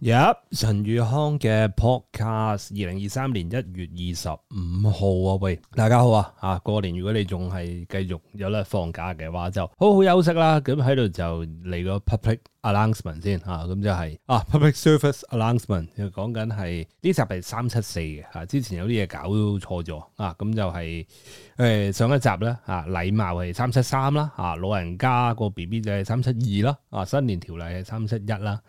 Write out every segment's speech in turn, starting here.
Yep, 陳宇康嘅 podcast，二零二三年一月二十五號啊，喂，大家好啊，吓、啊、過年如果你仲係繼續有得放假嘅話，就好好休息啦。咁喺度就嚟個 public announcement 先吓，咁、啊、就係、是、啊 public service announcement，講緊係呢集係三七四嘅吓，之前有啲嘢搞錯咗啊，咁就係、是、誒、呃、上一集咧吓，禮、啊、貌係三七三啦吓，老人家個 B B 就係三七二啦，啊新年條例係三七一啦。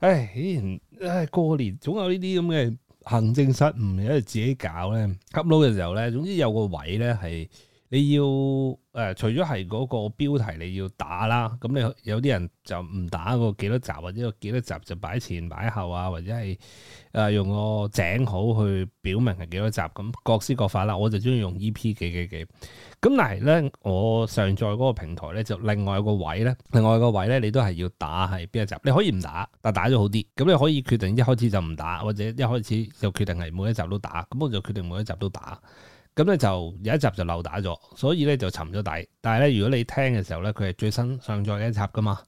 唉，依然唉，過年總有呢啲咁嘅行政失誤，喺度自己搞咧，吸佬嘅時候咧，總之有個位咧係。你要誒、呃、除咗係嗰個標題你要打啦，咁、嗯、你有啲人就唔打個幾多集或者個幾多集就擺前擺後啊，或者係誒、呃、用個井號去表明係幾多集，咁、嗯、各施各法啦。我就中意用 E.P. 幾幾幾。咁但係咧，我上載嗰個平台咧就另外有個位咧，另外個位咧你都係要打係邊一集，你可以唔打，但打咗好啲。咁你可以決定一開始就唔打，或者一開始就決定係每一集都打。咁我就決定每一集都打。咁咧就有一集就漏打咗，所以咧就沉咗底。但係咧，如果你聽嘅時候咧，佢係最新上載嘅一集噶嘛，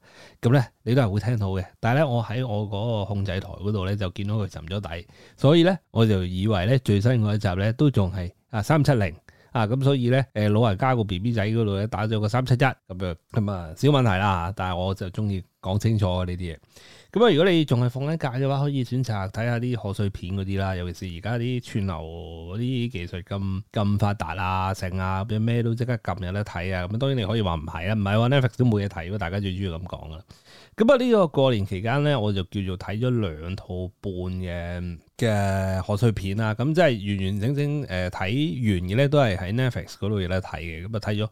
咁咧你都係會聽到嘅。但係咧，我喺我嗰個控制台嗰度咧就見到佢沉咗底，所以咧我就以為咧最新嗰一集咧都仲係啊三七零啊，咁所以咧誒老人家 BB 個 B B 仔嗰度咧打咗個三七一咁樣，咁啊小問題啦，但係我就中意講清楚呢啲嘢。咁啊，如果你仲係放緊假嘅話，可以選擇睇下啲賀歲片嗰啲啦，尤其是而家啲串流嗰啲技術咁咁發達啊、成啊咩都即刻撳有得睇啊！咁當然你可以話唔係啊，唔係、啊、Netflix 都冇嘢睇，大家最中意咁講啊！咁啊呢個過年期間咧，我就叫做睇咗兩套半嘅嘅賀歲片啊，咁、嗯、即係完完整整誒睇、呃、完嘅咧，都係喺 Netflix 嗰度有得睇嘅，咁啊睇咗。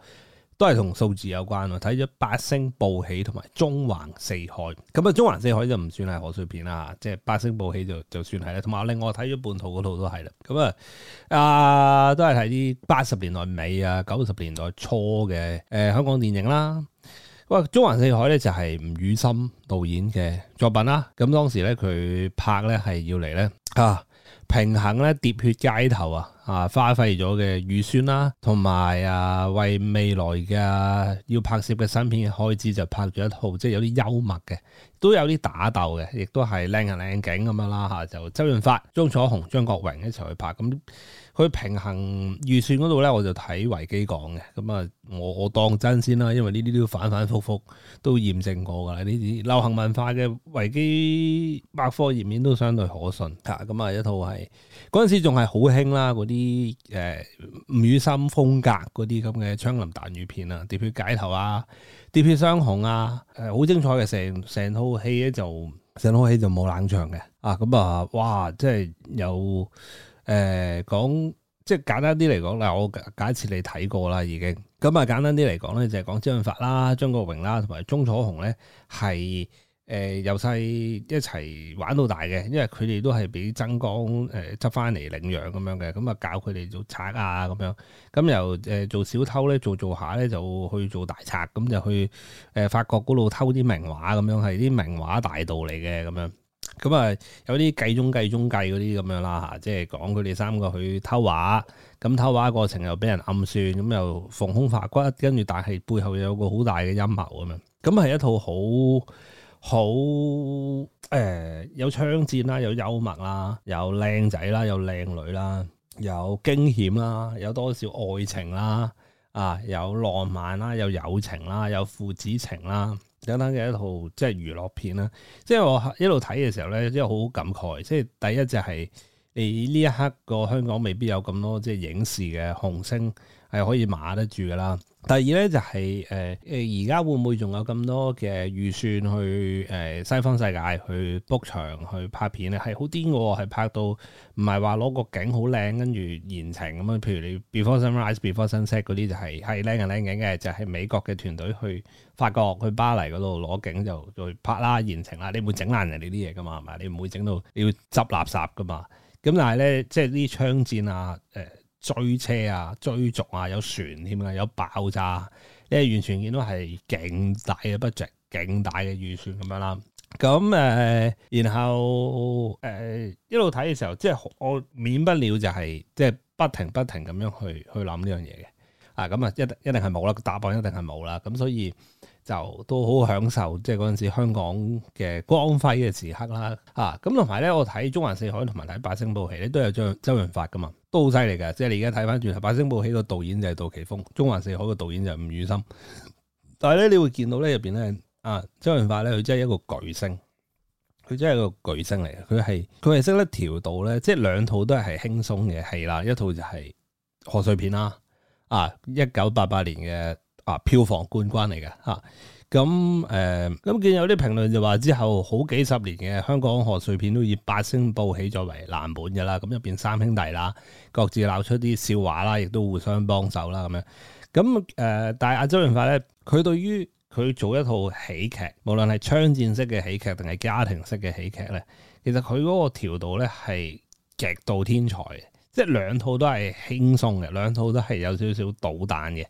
都係同數字有關咯，睇咗《八星報喜》同埋《縱橫四海》，咁啊《縱橫四海》就唔算係賀歲片啦，即係《八星報喜》就就算係啦，同埋另外睇咗半套嗰套都係啦，咁啊啊都係睇啲八十年代尾啊九十年代初嘅誒、呃、香港電影啦。咁啊，《縱橫四海》咧就係、是、吳宇森導演嘅作品啦，咁當時咧佢拍咧係要嚟咧啊。平衡咧喋血街頭啊啊花費咗嘅預算啦，同埋啊為未來嘅要拍攝嘅新片嘅開支就拍咗一套，即、就、係、是、有啲幽默嘅，都有啲打鬥嘅，亦都係靚人靚景咁樣啦吓、啊。就周潤發、鍾楚紅、張國榮一齊去拍。咁佢平衡預算嗰度咧，我就睇維基講嘅。咁啊，我我當真先啦，因為呢啲都反反复复都驗證過噶啦。呢啲流行文化嘅維基百科頁面都相對可信。吓、啊，咁啊一套係。嗰陣時仲係好興啦，嗰啲誒吳宇森風格嗰啲咁嘅槍林彈雨片啊，喋血街頭啊，喋血雙雄啊，誒、呃、好精彩嘅，成成套戲咧就成套戲就冇冷場嘅啊，咁、嗯、啊，哇，即係有誒講、呃，即係簡單啲嚟講，嗱，我假設你睇過啦已經，咁啊簡單啲嚟講咧就係講周潤發啦、張國榮啦，同埋鍾楚紅咧係。誒由細一齊玩到大嘅，因為佢哋都係俾曾江誒執翻嚟領養咁樣嘅，咁啊教佢哋做賊啊咁樣，咁由誒做小偷咧，做做下咧就去做大賊，咁就去誒、呃、法國嗰度偷啲名畫咁樣，係啲名畫大盜嚟嘅咁樣，咁啊有啲計中計中計嗰啲咁樣啦吓，即係講佢哋三個去偷畫，咁偷畫過程又俾人暗算，咁又逢凶化吉，跟住但係背後有個好大嘅陰謀咁樣，咁係一套好。好誒、呃，有槍戰啦，有幽默啦，有靚仔啦，有靚女啦，有驚險啦，有多少愛情啦，啊，有浪漫啦，有友情啦，有父子情啦，等等嘅一套即係娛樂片啦。即係我一路睇嘅時候咧，即係好感慨。即係第一就係你呢一刻個香港未必有咁多即係影視嘅紅星係可以碼得住噶啦。第二咧就係誒誒，而、呃、家會唔會仲有咁多嘅預算去誒、呃、西方世界去 book 場去拍片咧？係好癲嘅，係拍到唔係話攞個景好靚，跟住言情咁樣、嗯。譬如你 Before Sunrise Sun、就是、Before Sunset 嗰啲就係係靚人靚景嘅，就係、是、美國嘅團隊去法國去巴黎嗰度攞景就去拍啦，言情啦，你唔會整爛人哋啲嘢噶嘛，係咪？你唔會整到你要執垃圾噶嘛。咁但係咧，即係啲槍戰啊，誒、呃。追車啊，追逐啊，有船添啊，有爆炸，啊，你係完全見到係勁大嘅 budget，勁大嘅預算咁樣啦。咁誒、呃，然後誒、呃、一路睇嘅時候，即係我免不了就係即係不停不停咁樣去去諗呢樣嘢嘅。啊，咁、嗯、啊，一定一定係冇啦，打棒一定係冇啦，咁所以就都好享受，即係嗰陣時香港嘅光輝嘅時刻啦。啊，咁同埋咧，我睇《縱橫四海》同埋睇《八星報喜》，咧都有張周潤發噶嘛，都好犀利噶。即係你而家睇翻轉頭，《八星報喜》個導演就係杜琪峰，《縱橫四海》個導演就吳宇森。但係咧，你會見到咧入邊咧，啊，周潤發咧，佢真係一個巨星，佢真係一個巨星嚟嘅。佢係佢係識得調度咧，即係兩套都係係輕鬆嘅戲啦，一套就係賀歲片啦。啊！一九八八年嘅啊票房冠軍嚟嘅嚇。咁誒咁見有啲評論就話之後好幾十年嘅香港賀歲片都以八星報喜作為藍本嘅啦，咁入邊三兄弟啦，各自鬧出啲笑話啦，亦都互相幫手啦咁樣。咁、啊、誒、嗯，但係阿周潤發咧，佢對於佢做一套喜劇，無論係槍戰式嘅喜劇定係家庭式嘅喜劇咧，其實佢嗰個調度咧係極度天才嘅。即係兩套都係輕鬆嘅，兩套都係有少少導彈嘅。誒、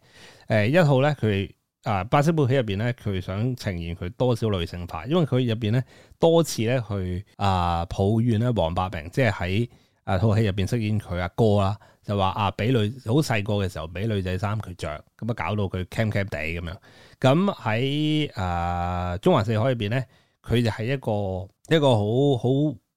呃，一套咧佢啊《八星報喜》入邊咧，佢想呈現佢多少女性化，因為佢入邊咧多次咧去啊抱怨咧黃百鳴，即係喺啊套戲入邊飾演佢阿哥啦，就話啊俾女好細個嘅時候俾女仔衫佢着，咁啊搞到佢 camp camp 地咁樣。咁喺啊《縱橫四海》入邊咧，佢就係一個一個好好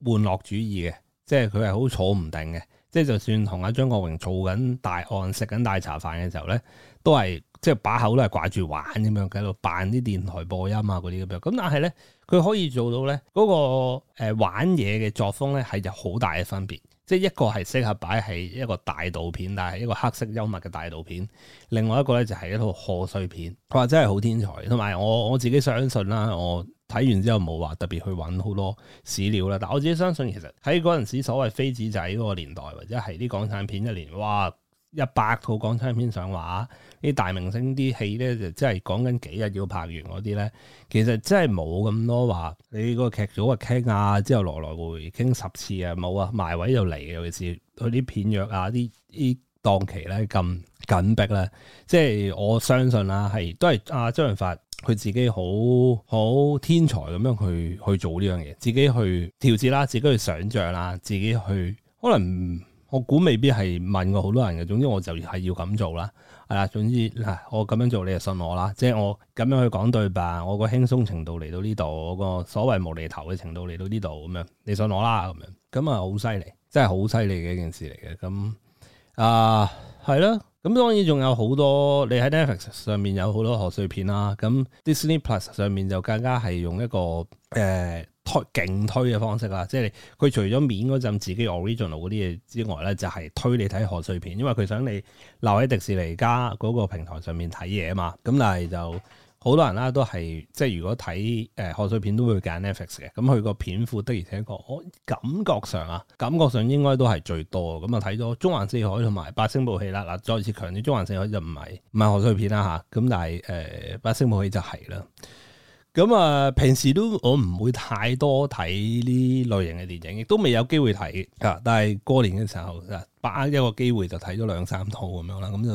玩樂主義嘅，即係佢係好坐唔定嘅。即係就算同阿張國榮做緊大案食緊大茶飯嘅時候咧，都係即係把口都係掛住玩咁樣，喺度扮啲電台播音啊嗰啲咁樣。咁但係咧，佢可以做到咧嗰個玩嘢嘅作風咧，係有好大嘅分別。即係一個係適合擺喺一個大盜片，但係一個黑色幽默嘅大盜片。另外一個咧就係一套賀歲片。佢話真係好天才，同埋我我自己相信啦，我，睇完之後冇話特別去揾好多史料啦，但我自己相信其實喺嗰陣時所謂飛子仔嗰個年代，或者係啲港產片一年，哇一百套港產片上畫，啲大明星啲戲咧就真、是、係講緊幾日要拍完嗰啲咧，其實真係冇咁多話你嗰個劇組啊傾啊，之後來來回傾十次啊，冇啊，埋位就嚟嘅，尤其是佢啲片約啊啲啲檔期咧咁緊迫咧，即係我相信啦、啊，係都係阿、啊、張潤發。佢自己好好天才咁樣去去做呢樣嘢，自己去調節啦，自己去想象啦，自己去可能我估未必係問過好多人嘅，總之我就係要咁做啦，係啦，總之我咁樣做你就信我啦，即係我咁樣去講對白，我個輕鬆程度嚟到呢度，我個所謂無厘頭嘅程度嚟到呢度咁樣，你信我啦咁樣，咁啊好犀利，真係好犀利嘅一件事嚟嘅，咁啊係啦。呃咁當然仲有好多，你喺 Netflix 上面有好多賀歲片啦。咁 Disney Plus 上面就更加係用一個誒勁、呃、推嘅方式啦，即係佢除咗免嗰陣自己 original 嗰啲嘢之外咧，就係、是、推你睇賀歲片，因為佢想你留喺迪士尼家嗰個平台上面睇嘢啊嘛。咁但係就～好多人啦，都係即係如果睇誒、呃、賀歲片都會揀 Netflix 嘅，咁佢個片庫的而且確，我感覺上啊，感覺上應該都係最多，咁啊睇咗《縱橫四海》同埋、啊呃《八星報喜》啦，嗱再次強調，《縱橫四海》就唔係唔係賀歲片啦吓，咁但係誒《八星報喜》就係啦。咁啊、嗯，平時都我唔會太多睇呢類型嘅電影，亦都未有機會睇啊。但係過年嘅時候，把握一個機會就睇咗兩三套咁樣啦，咁、嗯、就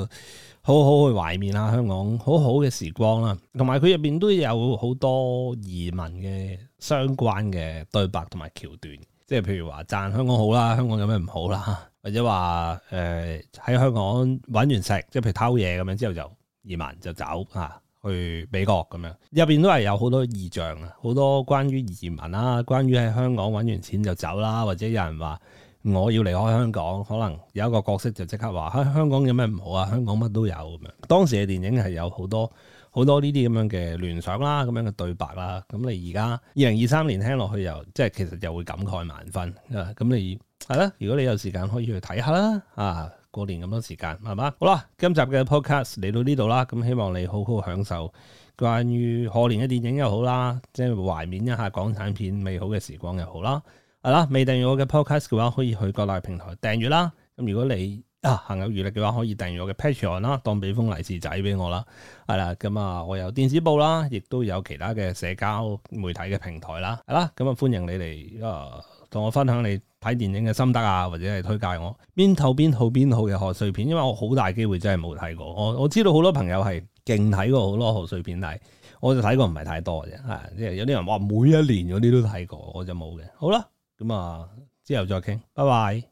好好去懷念啦，香港好好嘅時光啦。同埋佢入邊都有好多移民嘅相關嘅對白同埋橋段，即係譬如話讚香港好啦，香港有咩唔好啦，或者話誒喺香港搵完食，即係譬如偷嘢咁樣之後就移民就走啊。去美國咁樣，入邊都係有好多意象啊，好多關於移民啦，關於喺香港揾完錢就走啦，或者有人話我要離開香港，可能有一個角色就即刻話：喺香港有咩唔好啊？香港乜都有咁樣。當時嘅電影係有好多好多呢啲咁樣嘅聯想啦，咁樣嘅對白啦。咁你而家二零二三年聽落去又即係其實又會感慨萬分啊！咁你係啦，如果你有時間可以去睇下啦啊！過年咁多時間，係嘛？好啦，今集嘅 podcast 嚟到呢度啦，咁希望你好好享受關於賀年嘅電影又好啦，即係懷緬一下港產片美好嘅時光又好啦。係啦，未訂閱我嘅 podcast 嘅話，可以去各大平台訂閱啦。咁如果你啊，行有餘力嘅話，可以訂閱我嘅 Patreon 啦，當俾封利是仔俾我啦，係啦，咁啊，我有電視報啦，亦都有其他嘅社交媒體嘅平台啦，係啦，咁、嗯、啊，歡迎你嚟啊，同、呃、我分享你睇電影嘅心得啊，或者係推介我邊套、邊套、邊套嘅賀歲片，因為我好大機會真係冇睇過，我我知道好多朋友係勁睇過好多賀歲片，但係我就睇過唔係太多嘅，係即係有啲人話每一年嗰啲都睇過，我就冇嘅。好啦，咁、嗯、啊，之後再傾，拜拜。